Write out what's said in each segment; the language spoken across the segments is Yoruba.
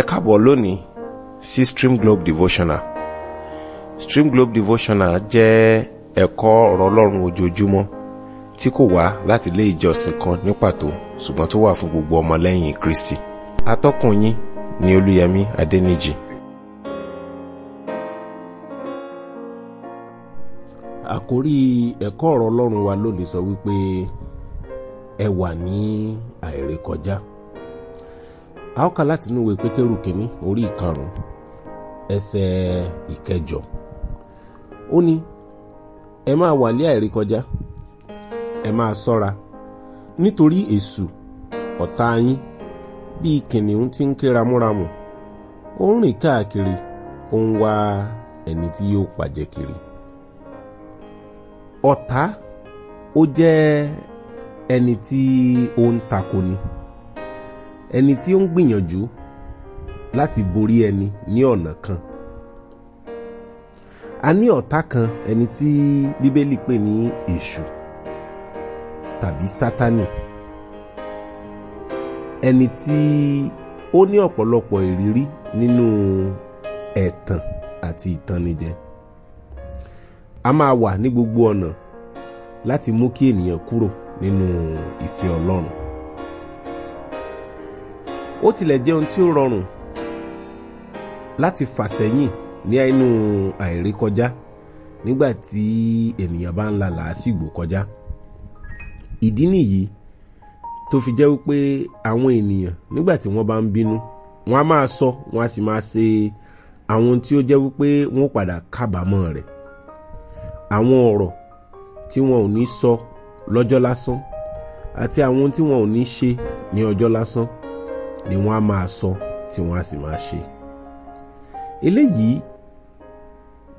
ẹ káàbọ̀ lónìí sí stream globe devotional stream globe devotional jẹ́ ẹ̀kọ́ ọ̀rọ̀ ọlọ́run ojoojúmọ́ tí kò wá láti ilé ìjọsìn kan ní pàtó ṣùgbọ́n tó wà fún gbogbo ọmọlẹ́yìn kristi atọ́kùn yín ni olúyẹmí adẹ́nìjì. àkórí ẹ̀kọ́ ọ̀rọ̀ ọlọ́run wa lónìí sọ wípé ẹ wà ní àìrékọjá. E a ó kà láti inú ìwé pétérù kínní orí ìkarùn ẹsẹ̀ ìkẹjọ ó ní ẹ máa wà ní àìrékọjá ẹ máa ṣọ́ra nítorí èṣù ọ̀tá yín bíi kìnìún tí ń ké ramúramù ó ń rìn káàkiri ó ń wá ẹni tí yóò pàjẹ́ kiri ọ̀tá ó jẹ́ ẹni takoni. ẹni tí ó ń gbìyànjú láti borí ẹni ní ọ̀nà kan a ní ọ̀tá kan ẹni tí bíbélì pè ní èṣù tàbí sátánì ẹni tí ó ní ọ̀pọ̀lọpọ̀ ìrírí nínú ẹ̀tàn àti ìtànìjẹ a máa wà ní gbogbo ọ̀nà láti mú kí ènìyàn kúrò nínú ìfẹ́ Ọlọ́run ó tilẹ̀ jẹ́ ohun tí ó rọrùn láti fà sẹ́yìn ní inú àìrékọjá nígbà tí ènìyàn bá ń la làásìgbò kọjá ìdí nìyí tó fi jẹ́ wípé àwọn ènìyàn nígbà tí wọ́n bá ń bínú wọ́n á máa sọ wọ́n á sì máa ṣe àwọn tí ó jẹ́ wípé wọ́n padà kábàámọ̀ rẹ̀ àwọn ọ̀rọ̀ tí wọn ò ní sọ lọ́jọ́ lásán àti àwọn tí wọn ò ní ṣe ní ọjọ́ lásán ni wọ́n á máa sọ tí wọ́n á sì máa ṣe. eléyìí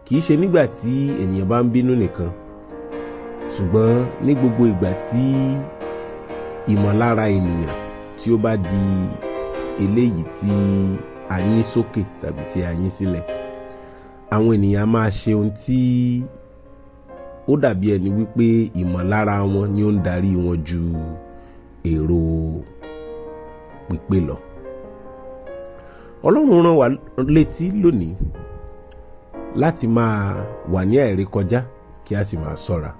kì í ṣe nígbà tí ènìyàn bá ń bínú nìkan ṣùgbọ́n ní gbogbo ìgbà tí ìmọ̀lára ènìyàn tí ó bá di eléyìí tí a yín sókè tàbí tí a yín sílẹ̀ àwọn ènìyàn máa ṣe ohun tí ó dàbí ẹni wípé ìmọ̀lára wọn ni ó ń darí wọn ju èrò pípé lọ ọlọ́run rán wa létí lónìí láti máa wà ní àìrí kọjá kí a sì máa ṣọ́ra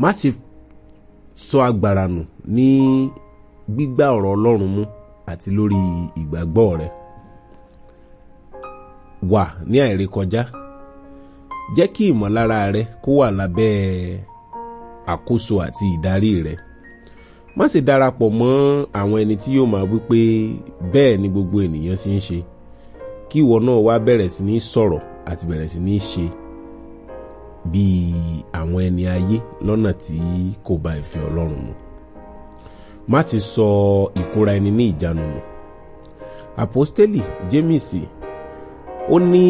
má ṣe sọ agbára nù ní gbígbá ọ̀rọ̀ ọlọ́run mú àti lórí ìgbàgbọ́ rẹ wà ní àìrí kọjá jẹ́ kí ìmọ̀lára rẹ kó wà lábẹ́ àkóso àti ìdarí rẹ má ṣe darapọ̀ mọ́ àwọn ẹni tí yóò máa wípé bẹ́ẹ̀ ni gbogbo ènìyàn sì ń ṣe kí ìwọ náà wá bẹ̀rẹ̀ sí ní sọ̀rọ̀ àti bẹ̀rẹ̀ sí ní ṣe bíi àwọn ẹni ayé lọ́nà tí kò bá ìfẹ́ Ọlọ́run mu má ti sọ ìkóra ẹni ní ìjánu nù àpọ́stélì James ó ní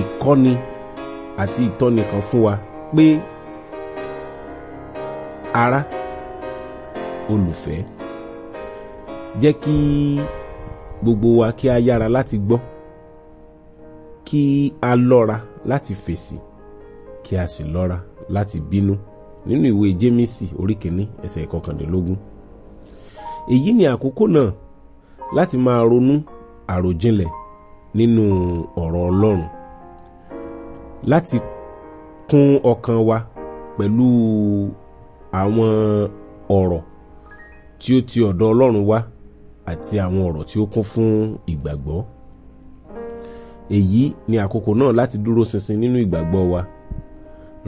ìkọ́ni àti ìtọ́ni kan fún wa pé ara olùfẹ́ jẹ́ kí gbogbo wa kí a yára láti gbọ́ kí a lọ́ra láti fèsì kí a sì lọ́ra láti bínú nínú ìwé jémísì orí ẹsẹ̀ ìkọkàndínlógún èyí ni àkókò náà láti máa ronú àròjinlẹ̀ nínú ọ̀rọ̀ ọlọ́run láti kún ọkàn wa pẹ̀lú àwọn ọ̀rọ̀ tí ó ti ọ̀dọ̀ Ọlọ́run wá àti àwọn ọ̀rọ̀ tí ó kún fún ìgbàgbọ́ èyí ni àkókò náà láti dúró ṣinṣin nínú ìgbàgbọ́ wa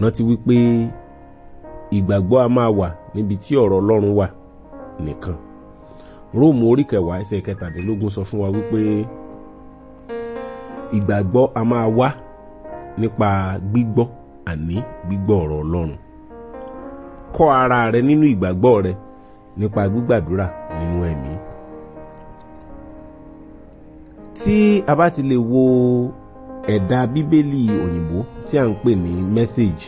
rántí wípé ìgbàgbọ́ a máa wà níbi tí ọ̀rọ̀ Ọlọ́run wà nìkan Róòmù orí kẹwàá ẹsẹ̀ kẹtàdínlógún sọ fún wa wípé ìgbàgbọ́ a máa wá nípa gbígbọ́ àní gbígbọ́ ọ̀rọ̀ Ọlọ́run kọ́ ara rẹ nínú ìgbàgbọ́ rẹ nípa gbígbàdúrà nínú ẹ̀mí. tí a bá ti lè wo ẹ̀dà bíbélì òyìnbó tí a ń pè ní message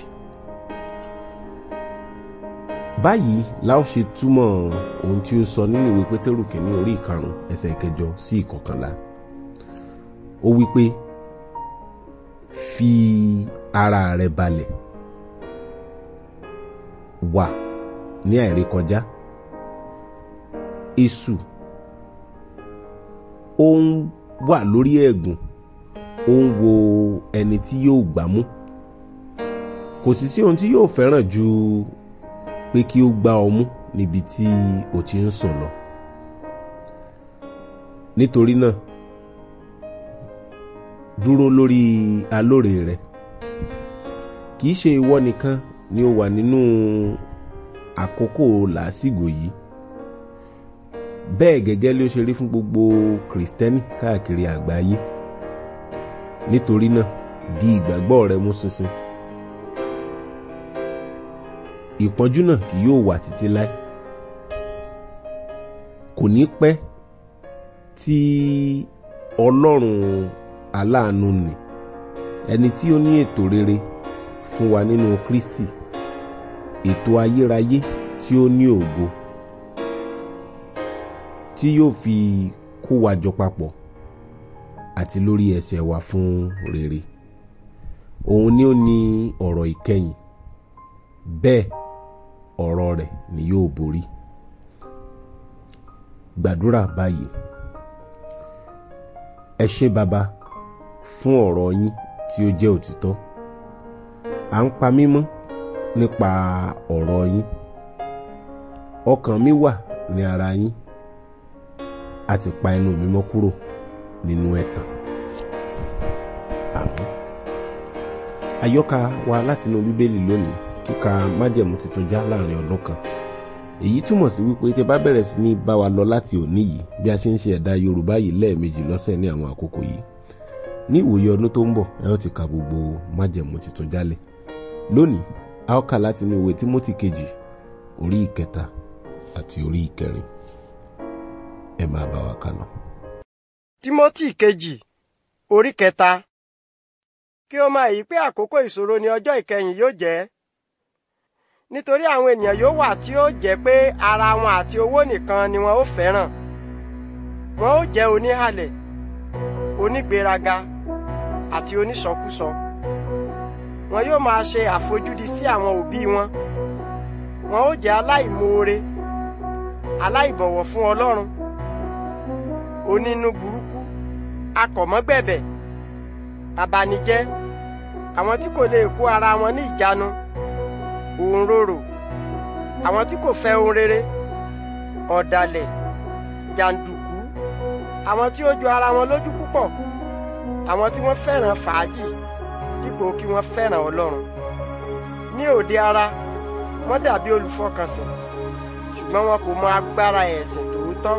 báyìí la ó ṣe túmọ̀ ohun tí ó sọ nínú ìwé pétérù kìíní orí ìkarùn ẹsẹ̀ ìkẹjọ sí ìkọkànlá ó wí pé fi ara rẹ balẹ̀ wà ní àìrékọjá. E èṣù ó ń wà lórí ẹ̀gùn ó ń wo ẹni tí yóò gbà mú kò sì sí ohun tí yóò fẹ́ràn ju pé kí ó gbá ọ mú níbi tí o ti ń sùn lọ nítorí náà dúró lórí alóore rẹ kì í ṣe ìwọ nìkan ni ó wà nínú àkókò làásìgbò yìí bẹ́ẹ̀ gẹ́gẹ́ ló ṣe rí fún gbogbo kìrìsìtẹ́nì káàkiri àgbáyé nítorí náà di ìgbàgbọ́ rẹ mú ṣinṣin ìpọ́njú náà kì yóò wà títí láé kò ní pẹ́ tí ọlọ́run aláàánú nì ẹni tí ó ní ètò rere fún wa nínú Kristi ètò ayérayé tí ó ní ògo tí yóò fi kó wa jọ papọ̀ àti lórí ẹsẹ̀ wa fún rere òun ni ó ní ọ̀rọ̀ ìkẹyìn bẹ́ẹ̀ ọ̀rọ̀ rẹ̀ ni yóò borí gbàdúrà báyìí ẹ ṣé baba fún ọ̀rọ̀ yín tí ó jẹ́ òtítọ́ à ń pa mí nípa ọ̀rọ̀ yín ọkàn mi wà ní ara yín a ti pa ẹnu mi mọ́ kúrò nínú ẹ̀tàn àmín àyọkà wa látinú bíbélì lónìí kíka májẹ̀mú tuntun já láàrin ọdún kan èyí túmọ̀ sí wípé tí ẹ bá bẹ̀rẹ̀ sí ní bá wa lọ láti òní yìí bí a ṣe ń ṣe ẹ̀dá yorùbá yìí lẹ́ẹ̀mejì lọ́sẹ̀ ní àwọn àkókò yìí ní ìwòye ọdún tó ń bọ̀ ẹ ó ti ka gbogbo májẹ̀mú tuntun jálẹ̀ lónìí a ó kà látinú ìwé tímọ́tì kejì orí ìkẹta àti orí ìkẹrin ẹ máa bá wa kálọ. Tímọ́tì kejì orí kẹta kí o máa yìí pé àkókò ìṣòro ni ọjọ́ ìkẹyìn yóò jẹ́ nítorí àwọn ènìyàn yóò wà tí ó jẹ́ pé ara wọn àti owó nìkan ni wọn ó fẹ́ràn wọn ó jẹ́ oníhàlẹ̀ onígbéraga àti onísọkúsọ wọn yóò máa ṣe àfojúdi sí àwọn òbí wọn wọn ó jẹ́ aláìmoore aláìbọ̀wọ̀ fún Ọlọ́run onínú burúkú akọ̀mọ́gbẹ̀bẹ̀ abanijẹ́ àwọn tí kò lè kó ara wọn ní ìjánu òǹrorò àwọn tí kò fẹ́ ohun rere ọ̀dàlẹ̀ jàǹdùkú àwọn tí ó ju ara wọn lójú púpọ̀ àwọn tí wọ́n fẹ́ràn fàájì dípò kí wọ́n fẹ́ràn Ọlọ́run ní òde ara wọ́n dàbí olùfọkànsìn ṣùgbọ́n wọn kò mọ agbára ẹ̀sìn tòótọ́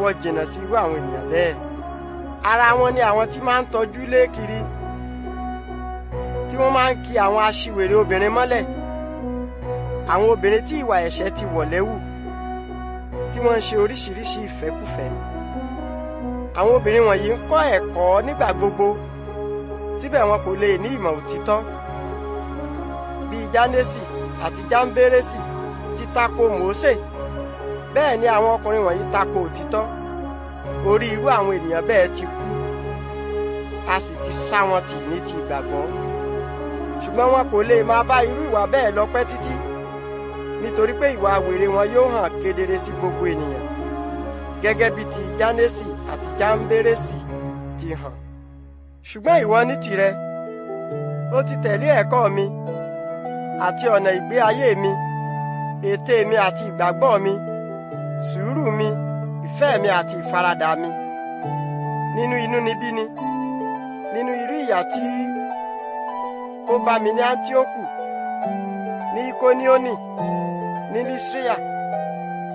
ìwọ jìnnà sí irú àwọn ènìyàn bẹ́ẹ̀ ara wọn ni àwọn tí máa ń tọ́jú lé kiri tí wọ́n máa ń ki àwọn aṣiwèrè obìnrin mọ́lẹ̀ àwọn obìnrin tí ìwà ẹ̀ṣẹ̀ ti wọ̀ lẹ́wù tí wọ́n ń ṣe oríṣiríṣi ìfẹ́kùfẹ́ àwọn obìnrin wọ̀nyí ń kọ́ ẹ̀kọ́ nígbà gbogbo síbẹ̀ wọn kò lè ní ìmọ̀ òtítọ́ bíi jánésì àti jámbérésì ti mòósè bẹ́ẹ̀ ni àwọn ọkùnrin wọ̀nyí tako òtítọ́ orí irú àwọn ènìyàn bẹ́ẹ̀ ti kú a sì ti sá wọn tì ní ti ìgbàgbọ́ ṣùgbọ́n wọn kò lè máa bá irú ìwà bẹ́ẹ̀ lọ pẹ́ títí nítorí pé ìwà wèrè wọn yóò hàn kedere sí gbogbo ènìyàn gẹ́gẹ́ bí ti Jánésì àti Jámbérésì ti hàn ṣùgbọ́n ìwọ ní tìrẹ ó ti tẹ̀lé ẹ̀kọ́ mi àti ọ̀nà ìgbé ayé mi ète mi àti ìgbàgbọ́ mi sùúrù mi ìfẹ́ mi àti ìfaradà mi nínú inúnibíni nínú irú ìyà tí ó bá mi ní Áńtíókù ní Ikonioni ní Lísíríà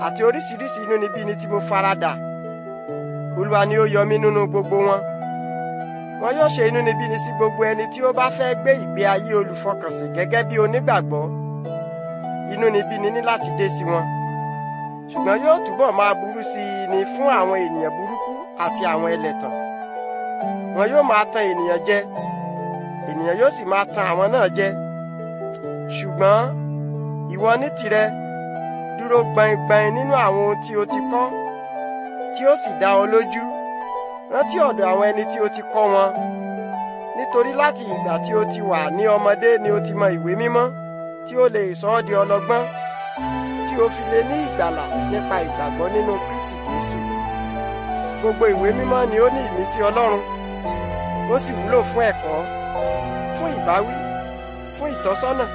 àti oríṣiríṣi inúnibíni tí mo faradà Olúwa ni ó yọ mí nínú gbogbo wọn wọn yóò ṣe inúnibíni sí gbogbo ẹni tí ó bá fẹ́ gbé ìgbé ayé olùfọkànsìn gẹ́gẹ́ bí onígbàgbọ́ inúnibíni ní láti dé sí wọn ṣùgbọ́n yóò túbọ̀ máa burú sí i ni fún àwọn ènìyàn burúkú àti àwọn ẹlẹ́tàn wọn yóò máa tan ènìyàn jẹ ènìyàn yóò sì máa tan àwọn náà jẹ ṣùgbọ́n ìwọ ní tìrẹ dúró gbaingbain nínú àwọn ohun tí o ti kọ́ tí ó sì dá ọ lójú rántí ọ̀dọ̀ àwọn ẹni tí o ti kọ́ wọn nítorí láti ìgbà tí o ti wà ní ọmọdé ni o ti mọ ìwé mímọ́ tí ó lè sọ ọ́ di ọlọ́gbọ́n. tí o fi lè ní ìgbàlà nípa ìgbàgbọ́ nínú Kristi Jésù gbogbo ìwé mímọ́ ni ó ní ìmísí Ọlọ́run ó sì wúlò fún ẹ̀kọ́ fún ìbáwí fún ìtọ́sọ́nà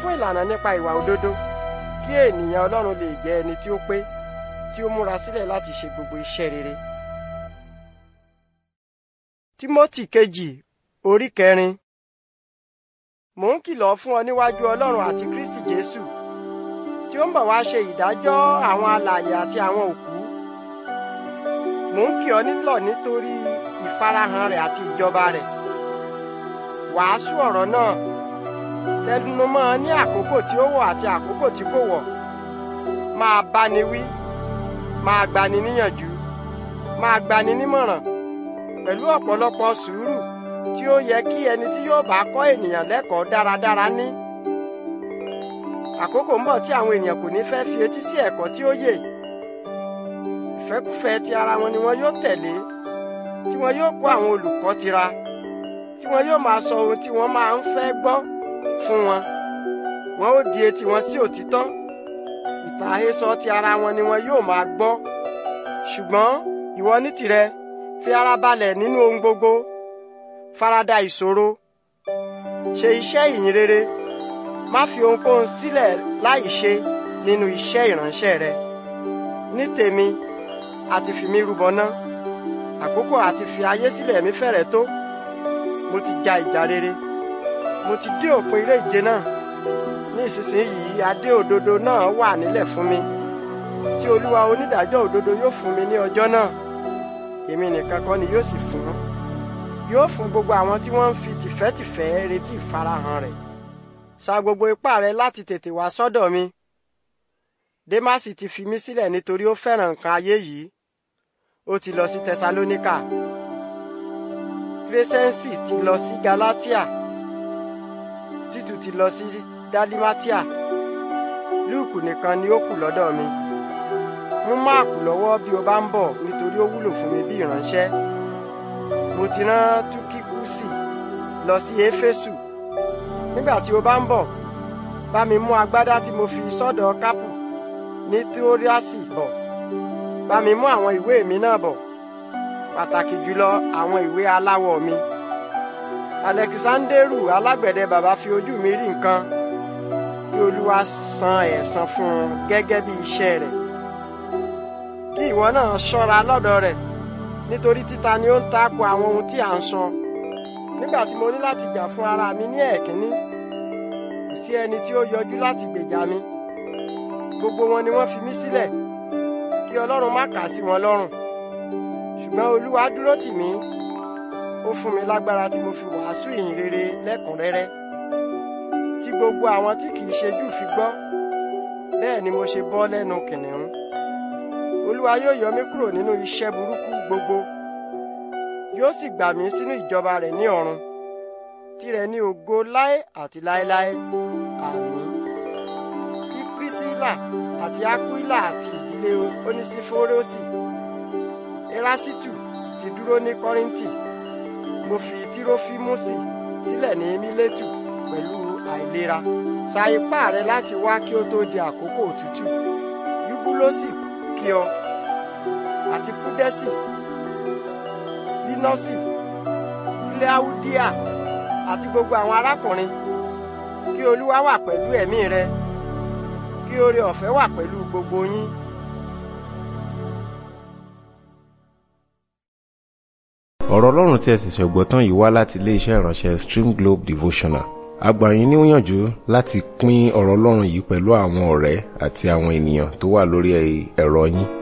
fún ìlànà nípa ìwà òdodo kí ènìyàn Ọlọ́run lè jẹ́ ẹni tí ó pé tí ó múra sílẹ̀ láti ṣe gbogbo iṣẹ́ rere. timothy kejì orí kẹrin mò ń kìlọ̀ fún ọ níwájú Ọlọ́run àti Kristi Jésù tí ó ń bọ̀ wá ṣe ìdájọ́ àwọn alààyè àti àwọn òkú mò ń kì ọ́ nílọ̀ nítorí ìfarahàn rẹ̀ àti ìjọba rẹ̀ wàásù ọ̀rọ̀ náà tẹnumọ́ ní àkókò tí ó wọ̀ àti àkókò tí kò wọ̀ máa báni wí máa gbani níyànjú máa gbani nímọ̀ràn pẹ̀lú ọ̀pọ̀lọpọ̀ sùúrù tí ó yẹ kí ẹni tí yóò bá kọ́ ènìyàn lẹ́kọ̀ọ́ dáradára ní. Dára àkókò ń bọ̀ tí àwọn ènìyàn kò ní fẹ́ fi etí sí ẹ̀kọ́ tí ó yè ìfẹ́kúfẹ́ ti ara wọn ni wọn yóò tẹ̀lé tí wọn yóò kó àwọn olùkọ́ tira tí wọn yóò máa sọ ohun tí wọn máa ń fẹ́ gbọ́ fún wọn wọn ó di etí wọn sí òtítọ́ ìtàhésọ ti ara wọn ni wọn yóò máa gbọ́ ṣùgbọ́n ìwọ ní tìrẹ fi ara balẹ̀ nínú ohun gbogbo farada ìṣòro ṣe iṣẹ́ ìyìn rere má fi ohunkóhun sílẹ̀ láì ṣe nínú iṣẹ́ ìránṣẹ́ rẹ ní tèmi àti fi mí rúbọ ná àkókò àti fi ayé sílẹ̀ mi fẹ́rẹ̀ tó mo ti ja ìjà rere mo ti dé òpin ilé ìje náà ní ìsinsìnyí adé òdodo náà wà nílẹ̀ fún mi tí olúwa onídàájọ́ òdodo yóò fún mi ní ọjọ́ náà èmi nìkan kọ́ ni yóò sì fún yóò fún gbogbo àwọn tí wọ́n ń fi tìfẹ́tìfẹ́ retí ìfarahàn rẹ̀ sa gbogbo ipá rẹ láti tètè wá sọ́dọ̀ mi. Démásì ti fi mí sílẹ̀ nítorí ó fẹ́ràn nǹkan ayé yìí. Ó ti lọ sí Tẹsalóníkà. Kírésẹ́ńsì ti lọ sí Galatia. Títù ti lọ sí Dálímátíà. Lúùkù nìkan ni ó kù lọ́dọ̀ mi. Mú máàkù lọ́wọ́ bí o bá ń bọ̀ nítorí ó wúlò fún mi bí ìránṣẹ́. Mo ti rán Túkíkúsì lọ sí Éfésù nígbà tí o bá ń bọ̀ bá mi mú agbádá tí mo fi sọ́dọ̀ kápù ní tíóríàsì bọ̀ bá mi mú àwọn ìwé mi náà bọ̀ pàtàkì jùlọ àwọn ìwé aláwọ̀ mi alẹ́kisándérù alágbẹ̀dẹ bàbá fi ojú mi rí nǹkan kí olúwa san ẹ̀san fún un gẹ́gẹ́ bí iṣẹ́ rẹ̀ kí ìwọ náà ṣọ́ra lọ́dọ̀ rẹ̀ nítorí títa ni ó ń tako àwọn ohun tí à ń sọ. So nígbà tí mo ní láti jà fún ara mi ní ẹ̀kínní kò sí ẹni tí ó yọjú láti gbèjà mi gbogbo wọn ni wọ́n fi mí sílẹ̀ kí Ọlọ́run má kà sí wọn lọ́rùn ṣùgbọ́n Olúwa dúró tì mí ó fún mi lágbára tí mo fi wàásù ìyìn rere lẹ́kùnrẹ́rẹ́ tí gbogbo àwọn tí kìí ṣe Júù fi gbọ́ bẹ́ẹ̀ ni mo ṣe bọ́ lẹ́nu kìnìún Olúwa yóò yọ mí kúrò nínú iṣẹ́ burúkú gbogbo yóò sì gbà mí sínú ìjọba rẹ̀ ní ọ̀run tirẹ̀ ní ògo láé àti láéláé àmín bí Prisila àti Akuila àti ìdílé onísífórósì Erasitu ti dúró ní Kọ́ríńtì mo fi Tírófímùsì sílẹ̀ ní Mílétù pẹ̀lú àìlera sa ipá rẹ láti wá kí ó tó di àkókò òtútù Yúbúlósì kí ọ àti Púdẹ́sì Lọ́sì Kíláúdíà àti gbogbo àwọn arákùnrin kí Olúwa wà pẹ̀lú ẹ̀mí rẹ kí oore ọ̀fẹ́ wà pẹ̀lú gbogbo yín. ọ̀rọ̀ ọlọ́run tí ẹ sì ṣẹ̀gbọ́ tán yìí wá láti iléeṣẹ́ ìránṣẹ́ Stream Globe Devotional a gbà yín níyànjú láti pín ọ̀rọ̀ ọlọ́run yìí pẹ̀lú àwọn ọ̀rẹ́ àti àwọn ènìyàn tó wà lórí ẹ̀rọ yín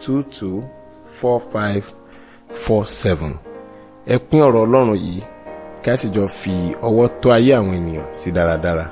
22 45 47. ẹ pín ọ̀rọ̀ ọlọ́run yìí ká sì jọ fi ọwọ́ tó ayé àwọn ènìyàn sí dáradára.